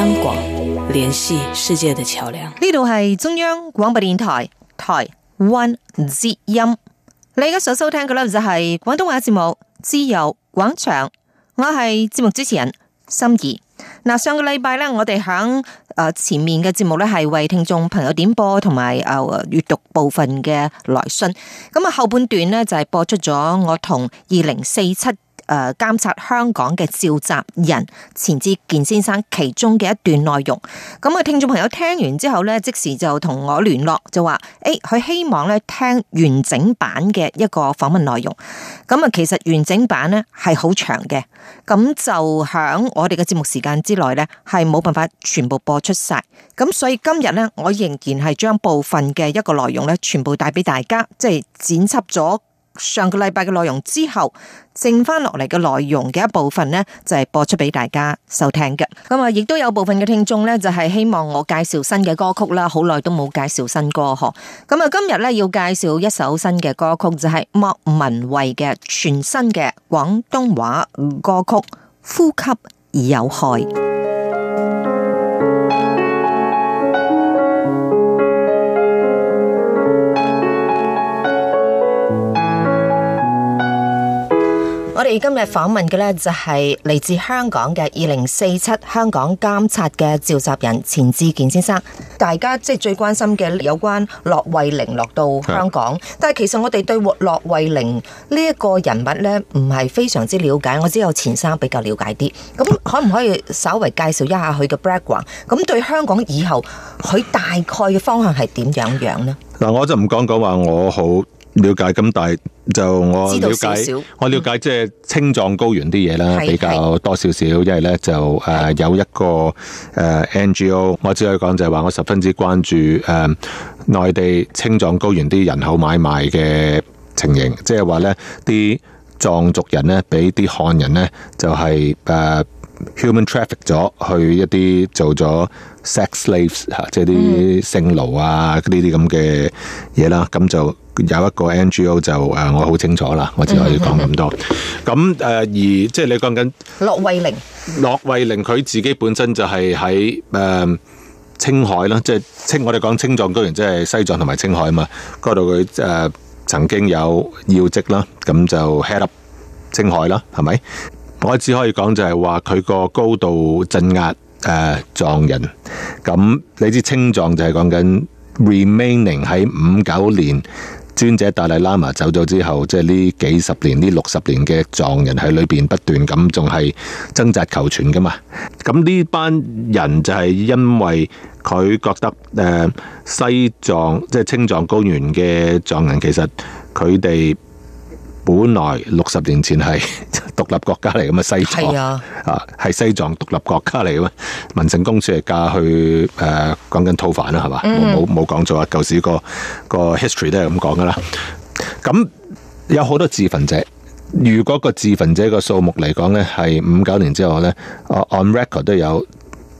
香港聯繫世界的橋樑，呢度係中央廣播電台台灣之音，你而家所收聽嘅咧，就係廣東話節目《自由廣場》，我係節目主持人心儀。嗱，上個禮拜咧，我哋響誒前面嘅節目咧，係為聽眾朋友點播同埋誒閱讀部分嘅來信。咁啊，後半段咧就係播出咗我同二零四七，誒監察香港嘅召集人錢志健先生其中嘅一段內容，咁啊，聽眾朋友聽完之後呢，即時就同我聯絡，就話：誒、欸，佢希望咧聽完整版嘅一個訪問內容。咁啊，其實完整版呢係好長嘅，咁就喺我哋嘅節目時間之內呢，係冇辦法全部播出晒。咁所以今日呢，我仍然係將部分嘅一個內容呢，全部帶俾大家，即係剪輯咗。上個禮拜嘅內容之後，剩翻落嚟嘅內容嘅一部分呢，就係播出俾大家收聽嘅。咁啊，亦都有部分嘅聽眾呢，就係希望我介紹新嘅歌曲啦。好耐都冇介紹新歌嗬。咁啊，今日呢，要介紹一首新嘅歌曲，就係莫文蔚嘅全新嘅廣東話歌曲《呼吸而有害》。我哋今日訪問嘅呢，就係嚟自香港嘅二零四七香港監察嘅召集人錢志健先生。大家即係最關心嘅有關駱惠寧落到香港，但係其實我哋對駱惠寧呢一個人物呢，唔係非常之了解，我知有錢生比較了解啲。咁可唔可以稍微介紹一下佢嘅 background？咁對香港以後佢大概嘅方向係點樣樣呢？嗱，我就唔講講話我好。了解咁，但係就我了解，點點，嗯、我了解即係青藏高原啲嘢啦，比較多少少，因為咧就誒有一個誒 NGO，我只可以講就係話我十分之關注誒內地青藏高原啲人口買賣嘅情形，即係話咧啲藏族人咧俾啲漢人咧就係誒 human traffic 咗去一啲做咗 sex slaves 嚇，即係啲性奴啊，呢啲咁嘅嘢啦，咁就。有一個 NGO 就誒，我好清楚啦，我只可以講咁多。咁誒，而即係你講緊，駱惠寧，駱惠寧佢自己本身就係喺誒青海啦，即係青我哋講青藏高原，即係西藏同埋青海啊嘛。嗰度佢誒曾經有要職啦，咁就 head up 青海啦，係咪？我只可以講就係話佢個高度鎮壓誒、呃、藏人。咁你知青藏就係、是、講緊、就是、remaining 喺五九年。尊者達賴喇嘛走咗之後，即係呢幾十年、呢六十年嘅藏人喺裏邊不斷咁仲係掙扎求存㗎嘛。咁呢班人就係因為佢覺得誒、呃、西藏，即係青藏高原嘅藏人，其實佢哋。本來六十年前係獨立國家嚟嘅嘛，西藏，是啊，係西藏獨立國家嚟嘅嘛，文成公署嚟嫁去，誒講緊吐蕃啦，係嘛，冇冇講錯啊？舊時、mm hmm. 嗰個、嗰個 history 都係咁講噶啦。咁有好多自焚者，如果個自焚者個數目嚟講咧，係五九年之後咧、oh.，on record 都有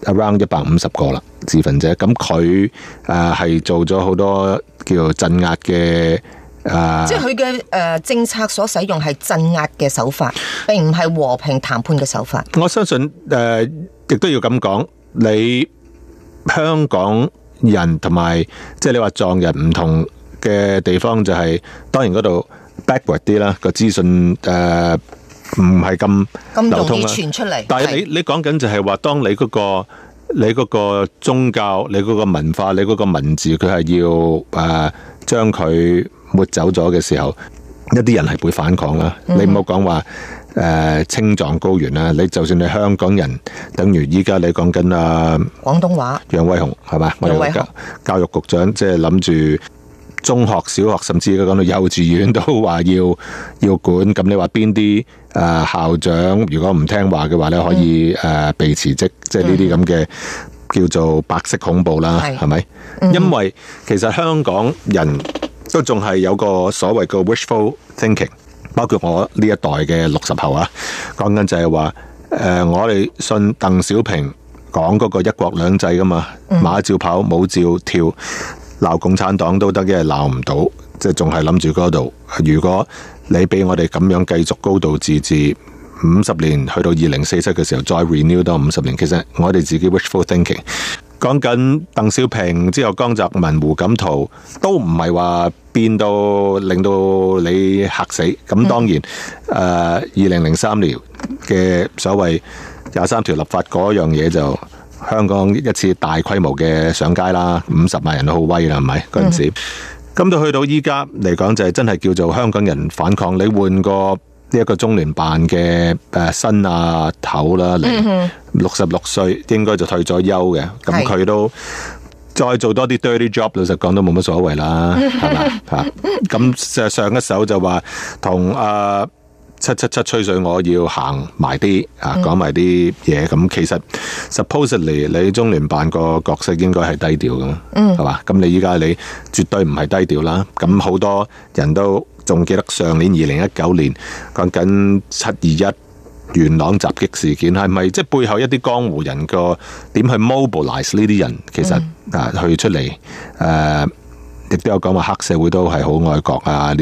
around 一百五十個啦，自焚者。咁佢誒係做咗好多叫做鎮壓嘅。嗯、即係佢嘅誒政策所使用係鎮壓嘅手法，並唔係和平談判嘅手法。我相信誒，亦、呃、都要咁講。你香港人同埋即係你話藏人唔同嘅地方、就是，就係當然嗰度 backward 啲啦。個資訊誒唔係咁咁流通啦，容易傳出嚟。但係你的你講緊就係話，當你嗰、嗰個你個宗教、你嗰個文化、你嗰個文字，佢係要誒將佢。呃抹走咗嘅時候，一啲人係會反抗啦。你唔好講話誒，青藏高原啊，你就算你香港人，等於依家你講緊啊，廣東話，楊威雄係嘛？楊威雄我教育局長即係諗住中學、小學，甚至依家講到幼稚園都話要要管。咁你話邊啲誒校長如果唔聽話嘅話咧，可以誒被辭職，即係呢啲咁嘅叫做白色恐怖啦，係咪？因為其實香港人。都仲係有個所謂嘅 wishful thinking，包括我呢一代嘅六十後啊，講緊就係話，誒，我哋信鄧小平講嗰個一國兩制噶嘛，馬照跑，舞照跳，鬧共產黨都得嘅，鬧唔到，即係仲係諗住嗰度。如果你俾我哋咁樣繼續高度自治五十年，去到二零四七嘅時候再 renew 到五十年，其實我哋自己 wishful thinking。講緊鄧小平之後，江澤民、胡錦濤都唔係話變到令到你嚇死。咁當然，誒、嗯，二零零三年嘅所謂廿三條立法嗰樣嘢，就香港一次大規模嘅上街啦，五十萬人都好威啦，係咪？嗰陣時，咁、嗯、到去到依家嚟講，就係、是、真係叫做香港人反抗。你換個。呢一個中聯辦嘅誒、啊、新阿、啊、頭啦，嚟六十六歲應該就退咗休嘅，咁佢、mm hmm. 都的再做多啲 dirty job，老實講都冇乜所謂啦，係嘛吓？咁、啊、上一手就話同阿七七七吹水，我要行埋啲啊，講埋啲嘢。咁、mm hmm. 其實 supposedly 你中聯辦個角色應該係低調㗎，嘛、mm，係、hmm. 嘛？咁你依家你絕對唔係低調啦，咁好多人都。仲記得上年二零一九年講緊七二一元朗襲擊事件，係咪即係背後一啲江湖人個點去 mobilise 呢啲人？其實、嗯、啊，去出嚟誒，亦、啊、都有講話黑社會都係好愛國啊呢啲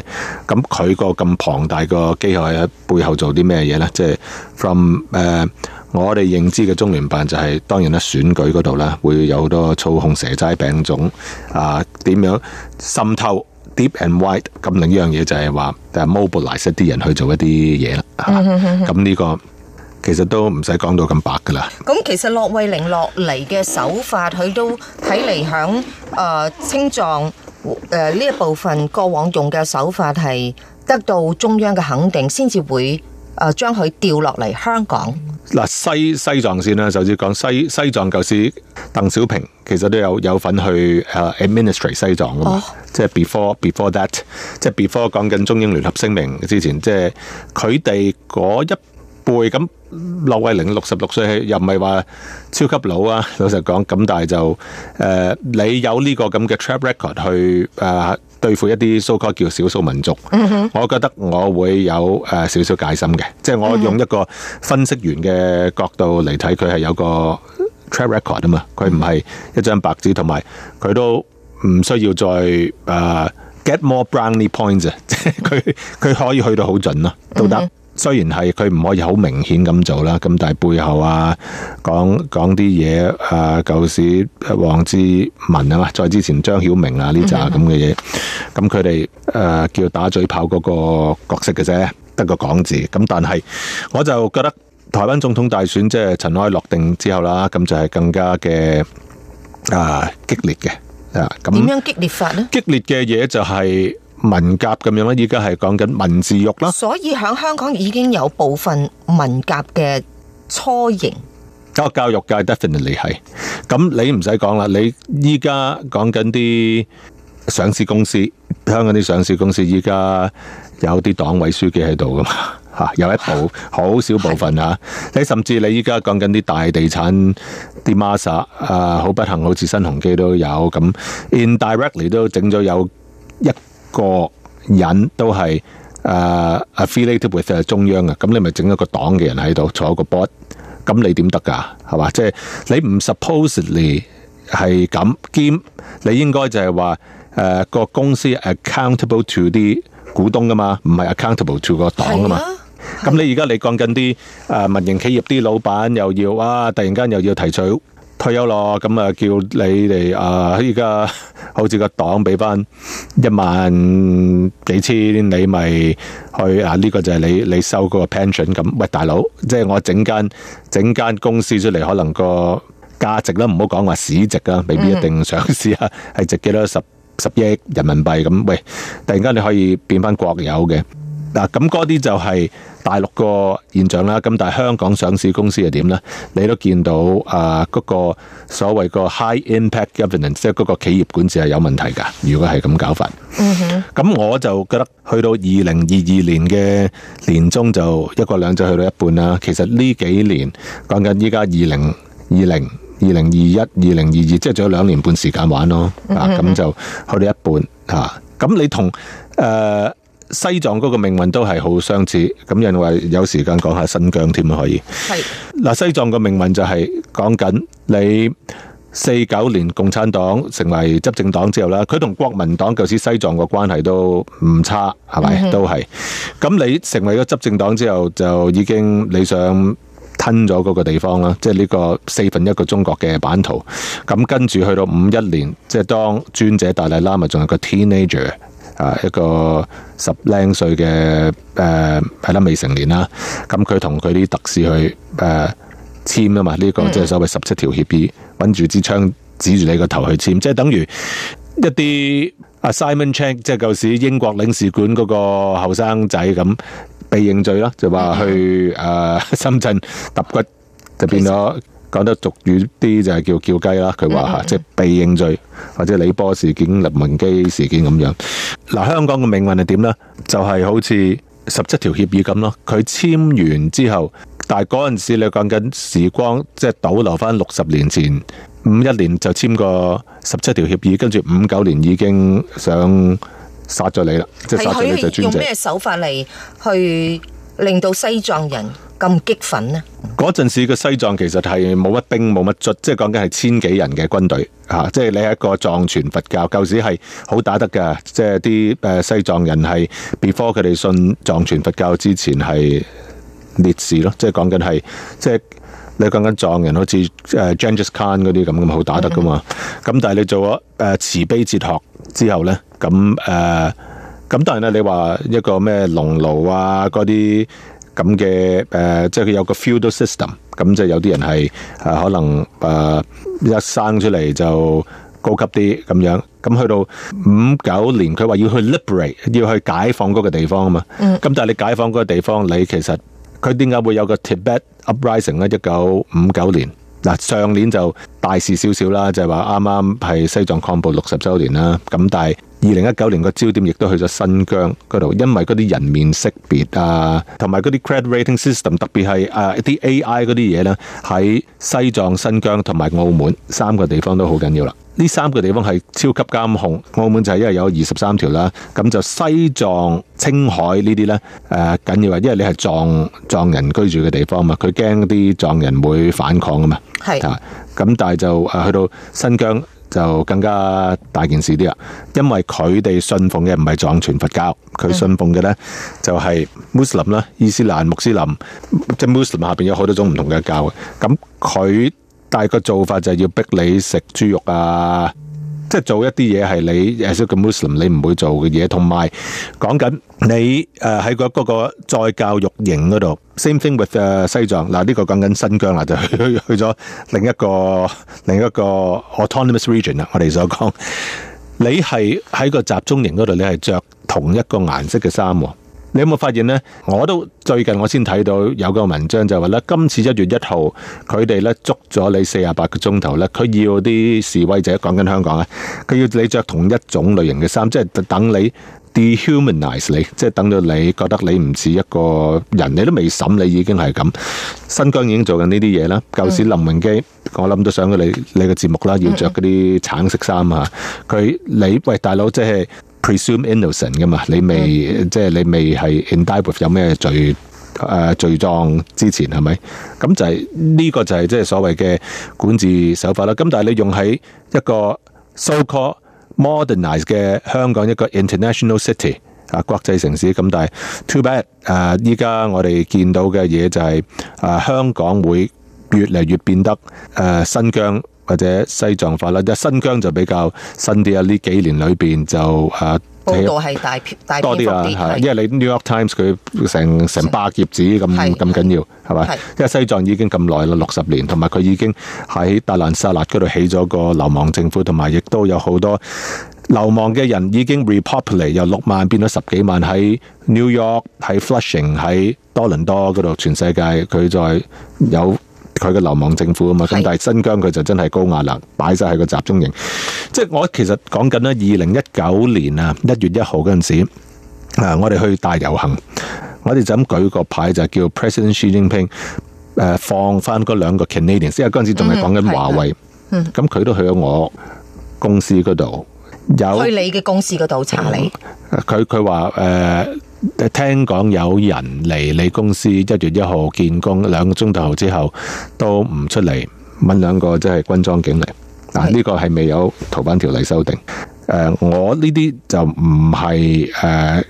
嘢。咁佢個咁龐大個機構喺背後做啲咩嘢呢？即、就、係、是、from 誒、啊、我哋認知嘅中聯辦、就是，就係當然啦，選舉嗰度咧會有好多操控蛇齋餅糭啊，點樣滲透？deep and wide，咁另一樣嘢就係話，就係 mobilize 啲人去做一啲嘢啦，嚇。咁呢個其實都唔使講到咁白㗎喇。咁其實駱惠寧落嚟嘅手法，佢都睇嚟響誒青藏誒呢一部分，過往用嘅手法係得到中央嘅肯定，先至會。誒將佢調落嚟香港嗱西西藏先啦，就好似講西西藏舊時鄧小平其實都有有份去誒 administrate 西藏噶嘛，即係 before before that，即係 before 講緊中英聯合聲明之前，即係佢哋嗰一輩咁。劉慧玲六十六歲，又唔係話超級老啊。老實講，咁但係就誒，你有呢個咁嘅 track record 去誒。對付一啲所謂叫少數民族，mm hmm. 我覺得我會有誒、呃、少少戒心嘅，即係我用一個分析員嘅角度嚟睇，佢係有個 track record 啊嘛，佢唔係一張白紙，同埋佢都唔需要再、呃、get more brownie points，即係佢佢可以去到好準咯，都得。Mm hmm. 雖然係佢唔可以好明顯咁做啦，咁但係背後啊講講啲嘢啊，舊時王志民啊嘛，再之前張曉明啊呢扎咁嘅嘢，咁佢哋誒叫打嘴炮嗰個角色嘅啫，得個講字，咁但係我就覺得台灣總統大選即係塵埃落定之後啦，咁就係更加嘅啊激烈嘅啊咁。點樣激烈法呢？激烈嘅嘢就係、是。民革咁樣咧，依家係講緊文字獄啦。所以喺香港已經有部分文革嘅初形。個教育界 definitely 係。咁你唔使講啦，你依家講緊啲上市公司，香港啲上市公司依家有啲黨委書記喺度噶嘛？吓，有一部好少部分啊。你甚至你依家講緊啲大地產，啲 master 啊，好不幸，好似新鴻基都有咁，indirectly 都整咗有一。個人都係誒、uh, affiliated with the,、uh, 中央啊，咁你咪整一個黨嘅人喺度坐一個 board，咁你點得㗎？係嘛，即、就、係、是、你唔 supposedly 係咁兼，你應該就係話誒個公司 accountable to 啲股東㗎嘛，唔係 accountable to 個黨㗎嘛。咁、啊、你而家你講緊啲誒民營企業啲老闆又要啊，突然間又要提取。退休咯，咁啊叫你哋啊，依家好似個黨俾翻一萬幾千，你咪去啊？呢個就係你你收嗰個 pension 咁。喂，大佬，即係我整間整間公司出嚟，可能個價值咧，唔好講話市值啊，未必一定上市啊，係 mm hmm. 值幾多十十億人民幣咁。喂，突然間你可以變翻國有嘅。嗱，咁嗰啲就係大陸個現象啦。咁但係香港上市公司係點呢？你都見到啊，嗰、那個所謂個 high impact governance，即係嗰個企業管治係有問題㗎。如果係咁搞法，咁、mm hmm. 我就覺得去到二零二二年嘅年中就一國兩就去到一半啦。其實呢幾年講緊依家二零二零、二零二一、二零二二，即係仲有兩年半時間玩咯。咁、mm hmm. 啊、就去到一半嚇。咁、啊、你同西藏嗰個命運都係好相似，咁認為有時間講下新疆添可以。嗱是，西藏個命運就係講緊你四九年共產黨成為執政黨之後啦，佢同國民黨舊時西藏個關係都唔差，係咪？Mm hmm. 都係咁，你成為咗執政黨之後，就已經你想吞咗嗰個地方啦，即係呢個四分一個中國嘅版圖。咁跟住去到五一年，即係當尊者達賴喇嘛仲係個 teenager。啊，一個十零歲嘅誒，係啦未成年啦，咁佢同佢啲特使去誒簽啊嘛，呢、這個即係所謂十七條協議，揾住、mm hmm. 支槍指住你個頭去簽，即、就、係、是、等於一啲 Simon Cheng，即係舊時英國領事館嗰個後生仔咁被認罪咯，就話去誒深圳揼骨，mm hmm. 就變咗。講得俗語啲就係叫叫雞啦，佢話吓，嗯嗯即係被認罪或者李波事件、林文基事件咁樣。嗱、啊，香港嘅命運係點呢？就係、是、好似十七條協議咁咯。佢簽完之後，但係嗰陣時你講緊時光，即係倒流翻六十年前，五一年就簽個十七條協議，跟住五九年已經想殺咗你啦，即係殺咗你用咩手法嚟去令到西藏人？咁激憤呢？嗰陣時嘅西藏其實係冇乜兵冇乜卒，即係講緊係千幾人嘅軍隊吓、啊，即係你係一個藏傳佛教，舊時係好打得噶，即係啲誒西藏人係 before 佢哋信藏傳佛教之前係烈士咯，即係講緊係即係你講緊藏人好，好似誒 Genghis Khan 嗰啲咁嘅，好打得噶嘛。咁、嗯、但係你做咗誒慈悲哲學之後呢，咁誒咁當然啦，你話一個咩農奴啊嗰啲。咁嘅，即係佢有個 feudal system，咁即係有啲人係、呃、可能誒、呃、一生出嚟就高級啲咁樣，咁去到五九年，佢話要去 liberate，要去解放嗰個地方啊嘛。咁、嗯、但係你解放嗰個地方，你其實佢點解會有個 Tibet uprising 咧？一九五九年嗱、啊，上年就大事少少啦，就係話啱啱係西藏抗暴六十周年啦。咁但係。二零一九年個焦點亦都去咗新疆嗰度，因為嗰啲人面識別啊，同埋嗰啲 credit rating system，特別係啊一啲 AI 嗰啲嘢呢，喺西藏、新疆同埋澳門三個地方都好緊要啦。呢三個地方係超級監控，澳門就係因為有二十三條啦。咁就西藏、青海呢啲呢，誒緊要啊，因為你係藏藏人居住嘅地方嘛，佢驚啲藏人會反抗啊嘛。係咁但係就誒去到新疆，就更加大件事啲啦，因為佢哋信奉嘅唔係藏傳佛教，佢信奉嘅呢就係、是、Muslim 啦，伊斯蘭穆斯林即係 Muslim 下邊有好多種唔同嘅教嘅，咁佢大個做法就係要逼你食豬肉啊。即係做一啲嘢係你 as a Muslim 你唔會做嘅嘢，同埋講緊你誒喺個嗰個再教育營嗰度，same thing with 誒西藏嗱呢個講緊新疆啦，就去去去咗另一個另一個 autonomous region 啦，我哋所講，你係喺個集中營嗰度，你係著同一個顏色嘅衫。你有冇發現呢？我都最近我先睇到有個文章就話咧，今次一月一號佢哋咧捉咗你四十八個鐘頭咧，佢要啲示威者講緊香港啊，佢要你着同一種類型嘅衫，即係等你 dehumanize 你，即係等到你覺得你唔似一個人，你都未審你已經係咁。新疆已經做緊呢啲嘢啦，舊時林榮基，我諗到上佢你你嘅節目啦，要着嗰啲橙色衫啊，佢你喂大佬即係。Presume innocent 噶嘛？你未，即係你未係 indict with 有咩罪誒罪狀之前係咪？咁就係呢個就係即係所謂嘅管治手法啦。咁但係你用喺一個 so-called modernised 嘅香港一個 international city 啊，國際城市，咁但係 too bad 誒！依家我哋見到嘅嘢就係誒，香港會越嚟越變得誒新疆，或者西藏化啦，新疆就比較新啲啊！呢幾年裏邊就啊，報道係大片，多啲啊，係，係，因為你 New York Times 佢成成八頁紙咁咁緊要，係咪？因為西藏已經咁耐啦，六十年，同埋佢已經喺達蘭薩拉嗰度起咗個流亡政府，同埋亦都有好多流亡嘅人，已經 repopulate 由六萬變咗十幾萬喺 New York 喺 Flushing 喺多倫多嗰度，全世界佢再有。佢嘅流氓政府啊嘛，咁是但係新疆佢就真係高壓啦，擺晒喺個集中營。即、就、係、是、我其實講緊咧，二零一九年啊一月一號嗰陣時，啊我哋去大遊行，我哋就咁舉個牌就叫 President Xi Jinping 誒放翻嗰兩個 Canadian，因為嗰陣時仲係講緊華為，咁佢、嗯、都去咗我公司嗰度，有去你嘅公司嗰度查你，佢佢話誒。聽講有人嚟你公司一月一號見工兩個鐘頭之後都唔出嚟，問兩個即係軍裝警嚟，嗱呢的、啊這個係未有逃犯條例修訂、呃，我呢啲就唔係誒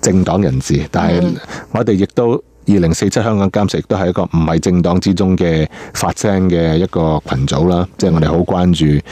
政黨人士，但係我哋亦都二零四七香港監察亦都係一個唔係政黨之中嘅發聲嘅一個群組啦，即、就、係、是、我哋好關注。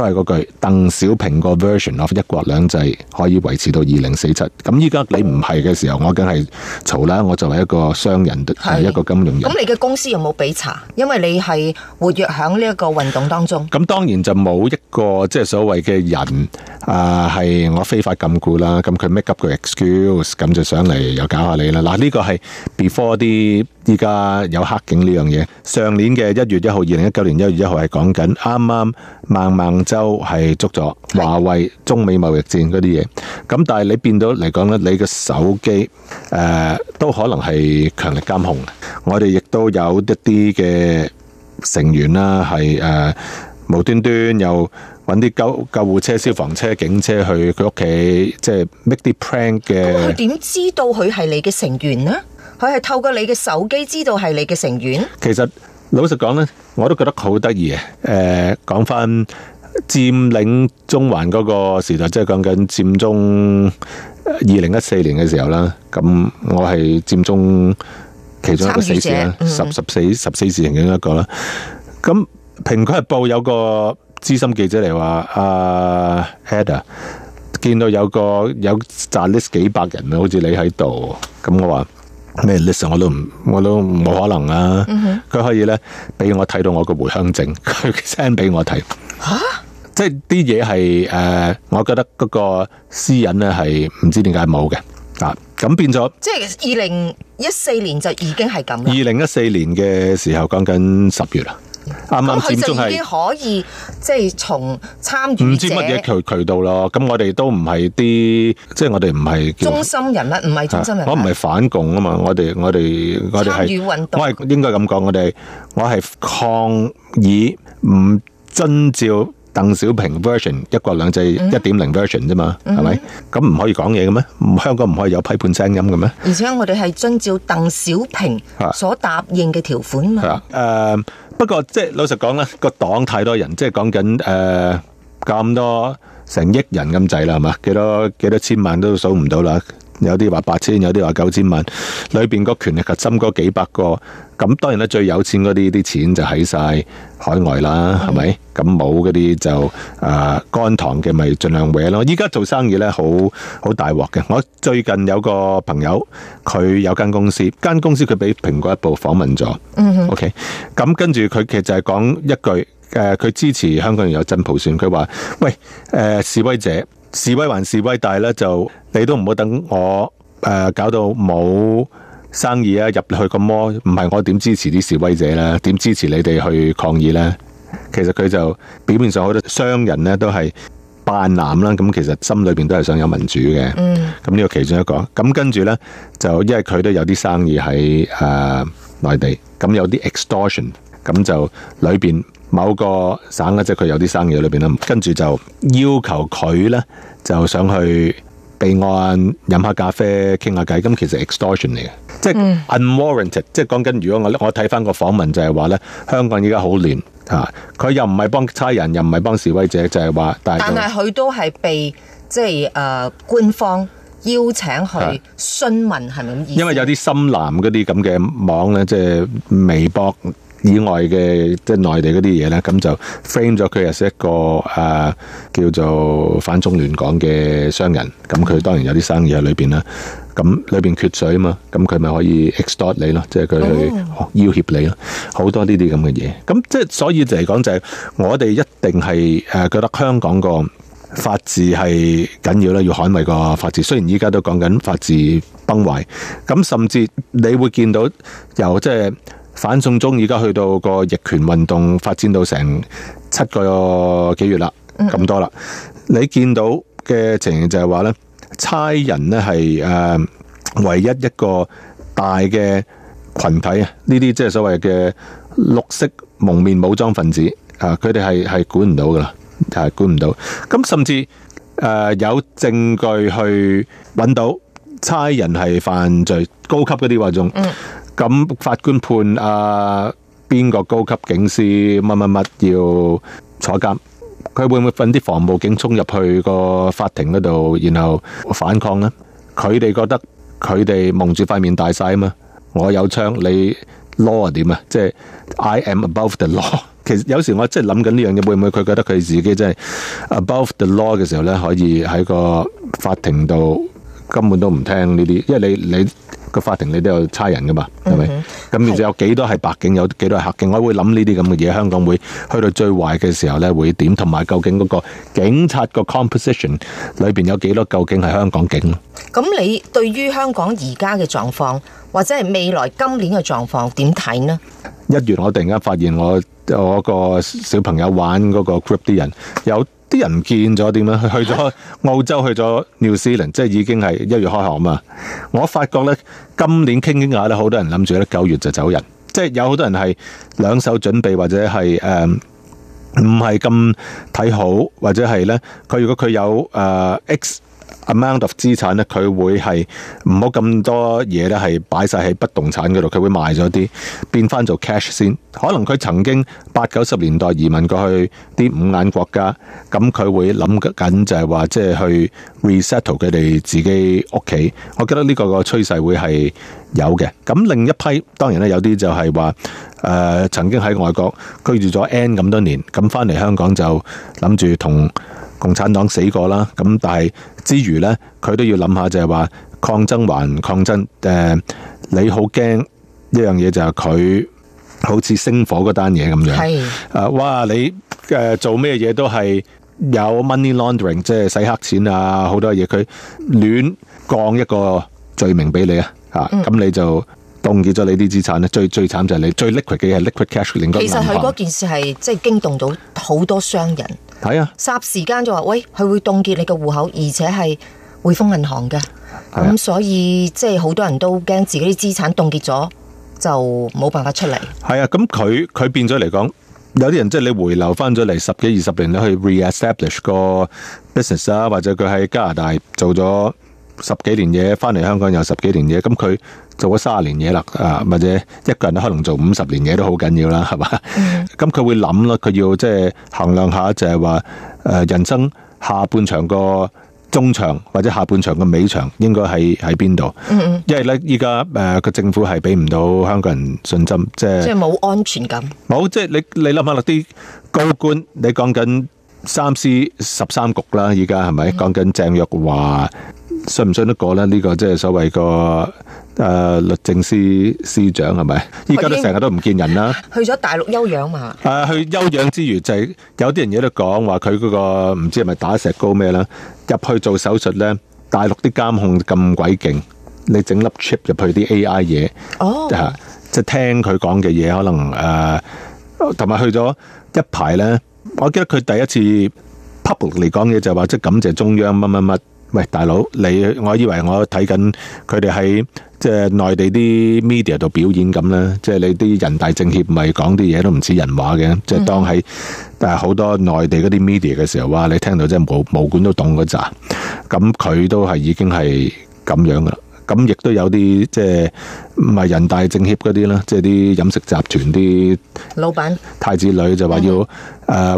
都係嗰句，鄧小平個 version of 一國兩制可以維持到二零四七。咁依家你唔係嘅時候，我梗係嘈啦。我作為一個商人，都係一個金融人。咁你嘅公司有冇俾查？因為你係活躍喺呢一個運動當中。咁當然就冇一個即係所謂嘅人啊，係我非法禁錮啦。咁佢 make up 個 excuse，咁就上嚟又搞下你啦。嗱，呢個係 before the 依家有黑警呢樣嘢。上年嘅一月一號，二零一九年一月一號係講緊啱啱慢慢。州係捉咗華為，中美貿易戰嗰啲嘢。咁但係你變到嚟講咧，你嘅手機誒、呃、都可能係強力監控。我哋亦都有一啲嘅成員啦，係誒、呃、無端端又搵啲救救護車、消防車、警車去佢屋企，即係 make 啲 plan 嘅。佢點知道佢係你嘅成員呢？佢係透過你嘅手機知道係你嘅成員。其實老實講呢，我都覺得好得意嘅。誒、呃，講翻。佔領中環嗰個時代，即係講緊佔中二零一四年嘅時候啦。咁我係佔中其中一個死士啦，十十四十四死人嘅一個啦。咁蘋果日報有個資深記者嚟話，阿 Heda 見到有個有賺 list 幾百人啊，好似你喺度。咁我話咩 list 啊？我都唔，我都冇可能啊。佢、嗯、可以咧俾我睇到我個回鄉證，佢 send 俾我睇。吓、啊？即係啲嘢，係誒，我覺得嗰個私隱咧，係唔知點解冇嘅啊，咁變咗。即係二零一四年就已經係咁啦。二零一四年嘅時候，講緊十月啦，啱啱佢就已經可以即係從參與唔知乜嘢渠渠道咯。咁我哋都唔係啲，即係我哋唔係中心人物，唔係中心人物。我唔係反共啊嘛，我哋我哋我哋係我係應該咁講，我哋我係抗議唔遵照。鄧小平 version 一國兩制一點零 version 啫嘛，係咪？咁唔可以講嘢嘅咩？香港唔可以有批判聲音嘅咩？而且我哋係遵照鄧小平所答應嘅條款嘛。係啊，誒，不過即係老實講咧，個黨太多人，即係講緊誒咁多成億人咁滯啦，係嘛？幾多幾多千萬都數唔到啦。有啲話八千，有啲話九千萬，裏邊個權力核心嗰幾百個，咁當然咧最有錢嗰啲啲錢就喺晒海外啦，係咪、mm？咁冇嗰啲就誒乾、呃、塘嘅，咪盡量搲咯。依家做生意呢，好好大鑊嘅。我最近有個朋友，佢有間公司，間公司佢俾蘋果一部訪問咗。OK 咁跟住佢其實係講一句，誒、呃，佢支持香港人有真普選。佢話：，喂，誒、呃，示威者。示威還示威，但係咧就你都唔好等我誒、呃、搞到冇生意啊！入去咁多，唔係我點支持啲示威者咧？點支持你哋去抗議咧？其實佢就表面上好多商人咧都係扮藍啦，咁其實心裏面都係想有民主嘅。嗯，咁呢個其中一個，咁跟住咧就因為佢都有啲生意喺誒內地，咁有啲 extortion，咁就裏面。某個省咧，即係佢有啲生意喺裏邊啦，跟住就要求佢咧就想去備案飲下咖啡傾下偈。咁其實 extortion 嚟嘅，嗯、即係 unwarranted。即係講緊，如果我我睇翻個訪問就係話咧，香港依家好亂嚇，佢、啊、又唔係幫差人，又唔係幫示威者，就係、是、話，但係佢都係被即、就是呃、官方邀請去詢問，係咪因為有啲深藍嗰啲咁嘅網咧，即係微博。以外嘅即係內地嗰啲嘢咧，咁就 frame 咗佢係一個誒、啊、叫做反中亂港嘅商人，咁佢當然有啲生意喺裏面啦。咁裏面缺水啊嘛，咁佢咪可以 extort 你咯，即係佢去要挾你咯，好多呢啲咁嘅嘢。咁即係所以嚟講就係、係、我哋一定係誒覺得香港個法治係緊要啦，要捍衞個法治。雖然依家都講緊法治崩壞，咁甚至你會見到由即係。反送中而家去到個逆權運動發展到成七個幾月啦，咁多啦。你見到嘅情形就係話咧，差人咧係誒唯一一個大嘅群體啊，呢啲即係所謂嘅綠色蒙面武裝分子啊，佢哋係係管唔到㗎啦，係管唔到。咁甚至誒有證據去揾到差人係犯罪，高級嗰啲話仲。咁法官判阿邊、啊、個高級警司乜乜乜要坐監，佢會唔會揾啲防暴警衝入去個法庭嗰度，然後反抗咧？佢哋覺得佢哋蒙住塊面大晒啊嘛！我有槍，你 law 啊點啊？即係 I am above the law。其實有時我真係諗緊呢樣嘢，會唔會佢覺得佢自己真係 above the law 嘅時候呢？可以喺個法庭度？根本都唔聽呢啲，因為你你個法庭你都有差人噶嘛，係咪、mm？咁然之後有幾多係白警，是的 有幾多係黑警，我會諗呢啲咁嘅嘢。香港會去到最壞嘅時候呢，會點？同埋究竟嗰個警察個 composition 裏邊有幾多？究竟係香港警？咁你對於香港而家嘅狀況，或者係未來今年嘅狀況點睇呢？一月我突然間發現我我個小朋友玩嗰個 group 啲人，有啲人見咗點樣，去咗澳洲，去咗 New Zealand，即係已經係一月開學嘛。我發覺咧，今年傾傾下咧，好多人諗住咧九月就走人，即係有好多人係兩手準備，或者係誒唔係咁睇好，或者係咧佢如果佢有誒 X。amount of 資產咧，佢會係唔好咁多嘢咧，係擺晒喺不動產嗰度，佢會賣咗啲，變翻做 cash 先。可能佢曾經八九十年代移民過去啲五眼國家，咁佢會諗緊就係話，即係去 resettle 佢哋自己屋企。我記得呢個個趨勢會係有嘅。咁另一批，當然咧，有啲就係話，誒曾經喺外國居住咗 n 咁多年，咁翻嚟香港就諗住同。共產黨死過啦，咁但係之餘咧，佢都要諗下就係話抗爭還抗爭。誒、呃，你很怕這好驚一樣嘢，就係佢好似星火嗰單嘢咁樣。係啊是、呃，哇！你誒、呃、做咩嘢都係有 money laundering，即係洗黑錢啊，好多嘢。佢亂降一個罪名俾你啊，吓、嗯！咁你就凍結咗你啲資產咧。最最慘就係你最 liquid 嘅係 liquid cash，令到你。其實佢嗰件事係即係驚動到好多商人。係啊，霎時間就話喂，佢會凍結你嘅戶口，而且係匯豐銀行嘅，咁、啊、所以即係好多人都驚自己啲資產凍結咗就冇辦法出嚟。係啊，咁佢佢變咗嚟講，有啲人即係、就是、你回流翻咗嚟十幾二十年，你去 reestablish 個 business 啊，或者佢喺加拿大做咗十幾年嘢翻嚟香港有十幾年嘢，咁佢做咗卅年嘢啦，啊，或者一個人都可能做五十年嘢都好緊要啦，係嘛？咁佢、嗯、會諗啦，佢要即係衡量下就，就係話誒，人生下半場個中場或者下半場嘅尾場應該係喺邊度？嗯、因為呢依家誒個政府係俾唔到香港人信心，就是、即係即係冇安全感。冇，即、就、係、是、你你諗下啦，啲高官你講緊三司十三局啦，依家係咪講緊鄭若驊？信唔信得過咧，呢個即係所謂個誒律政司司長係咪？依家都成日都唔見人啦，去咗大陸休養嘛？誒，去休養之馀就係有啲人嘢都講話佢嗰個唔知係咪打石膏咩啦？入去做手術咧，大陸啲監控咁鬼勁，你整粒 chip 入去啲 AI 嘢哦，即係聽佢講嘅嘢可能誒，同埋去咗一排咧，我記得佢第一次 public 嚟講嘢就係話即係感謝中央乜乜乜。喂，大佬，你我以為我睇緊佢哋喺即係內地啲 media 度表演咁啦，即係你啲人大政協咪講啲嘢都唔似人話嘅，即係當喺、嗯、但係好多內地嗰啲 media 嘅時候，哇！你聽到即係毛毛管都凍嗰扎，咁佢都係已經係咁樣噶啦，咁亦都有啲即係。就是唔係人大政協嗰啲啦，即係啲飲食集團啲老闆太子女就話要誒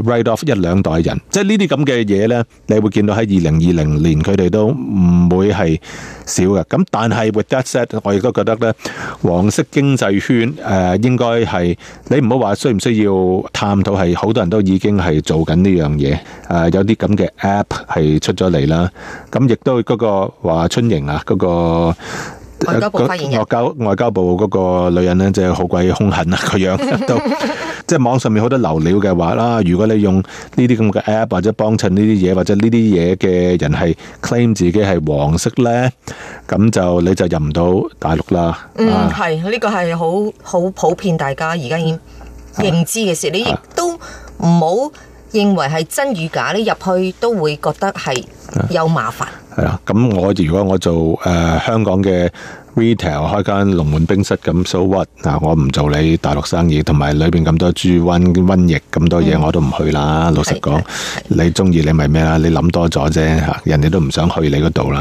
write off 一兩代人，即係呢啲咁嘅嘢呢，你會見到喺二零二零年佢哋都唔會係少嘅。咁但係 with that said，我亦都覺得呢黃色經濟圈誒應該係你唔好話需唔需要探討，係好多人都已經係做緊呢樣嘢誒，有啲咁嘅 app 係出咗嚟啦。咁亦都嗰個話春瑩啊嗰個。外交部發言人、啊、外交外交部嗰個女人咧，就係好鬼凶狠啊個樣都，都 即係網上面好多流料嘅話啦、啊。如果你用呢啲咁嘅 app 或者幫襯呢啲嘢或者呢啲嘢嘅人係 claim 自己係黃色咧，咁就你就入唔到大陸啦。啊、嗯，係呢、這個係好好普遍，大家而家已經認知嘅事，啊、你亦都唔好。認為係真與假咧，入去都會覺得係有麻煩。係啦，咁我如果我做誒、呃、香港嘅 retail，開間龍門冰室咁 so what 啊？我唔做你大陸生意，同埋裏邊咁多豬瘟瘟疫咁多嘢，嗯、我都唔去啦。老實講，你中意你咪咩啦？你諗多咗啫吓，人哋都唔想去你嗰度啦。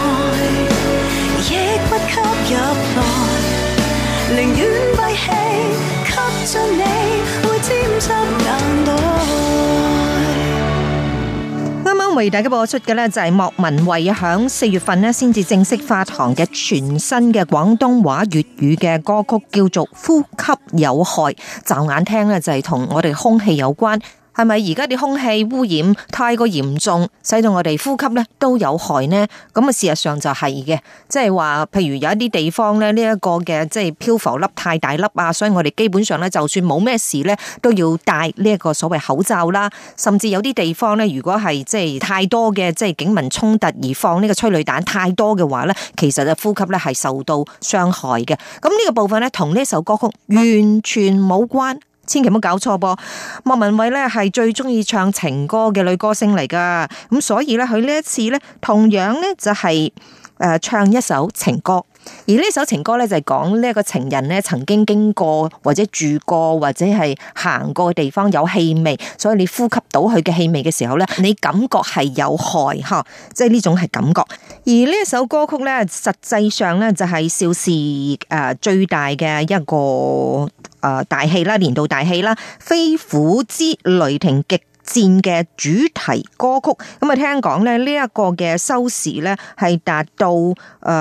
今日為大家播出嘅呢，就係莫文蔚響四月份呢先至正式發行嘅全新嘅廣東話粵語嘅歌曲，叫做《呼吸有害》，驟眼聽呢，就係同我哋空氣有關。係咪而家啲空氣污染太過嚴重，使到我哋呼吸咧都有害呢？咁啊，事實上就係嘅，即係話譬如有一啲地方咧，呢一個嘅即係漂浮粒太大粒啊，所以我哋基本上咧，就算冇咩事咧，都要戴呢一個所謂口罩啦。甚至有啲地方咧，如果係即係太多嘅即係警民衝突而放呢個催淚彈太多嘅話咧，其實就呼吸咧係受到傷害嘅。咁呢個部分咧，同呢首歌曲完全冇關。千祈唔好搞錯噃，莫文蔚咧係最中意唱情歌嘅女歌星嚟噶，咁所以咧，佢呢一次咧，同樣咧就係誒唱一首情歌。而呢首情歌咧，就係講呢一個情人咧，曾經經過或者住過或者係行過嘅地方有氣味，所以你呼吸到佢嘅氣味嘅時候咧，你感覺係有害吓，即係呢種係感覺。而呢一首歌曲咧，實際上咧就係邵氏誒最大嘅一個誒、呃、大戲啦，年度大戲啦，《飛虎之雷霆極》戰嘅主題歌曲，咁啊聽講咧呢一個嘅收視咧係達到誒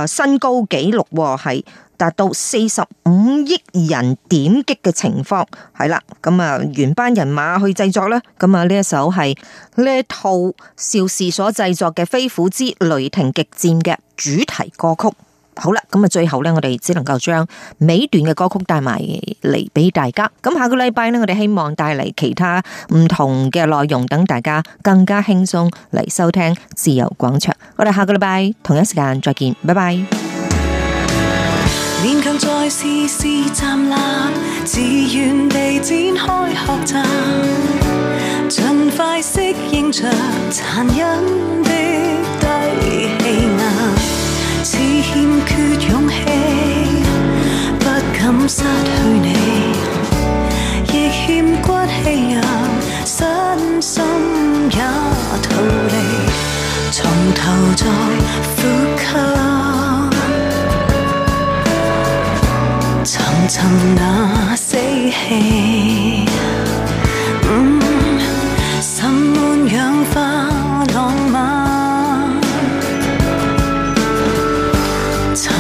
新高紀錄，係達到四十五億人點擊嘅情況，係啦，咁啊原班人馬去製作啦。咁啊呢一首係呢套邵氏所製作嘅《飛虎之雷霆極戰》嘅主題歌曲。好啦，咁啊，最後呢，我哋只能夠將尾段嘅歌曲帶埋嚟俾大家。咁下個禮拜呢，我哋希望帶嚟其他唔同嘅內容，等大家更加輕鬆嚟收聽自由廣場。我哋下個禮拜同一時間再見拜拜。勉強再試試站喇，自願地展開學習。盡快適應着殘忍嘅低氣壓似欠缺勇氣，不敢失去你，亦欠骨氣，啊，讓身心也逃離，從頭再呼吸，尋尋那死氣。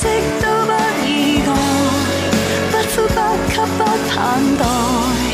惜都不意外，不呼不吸不盼待。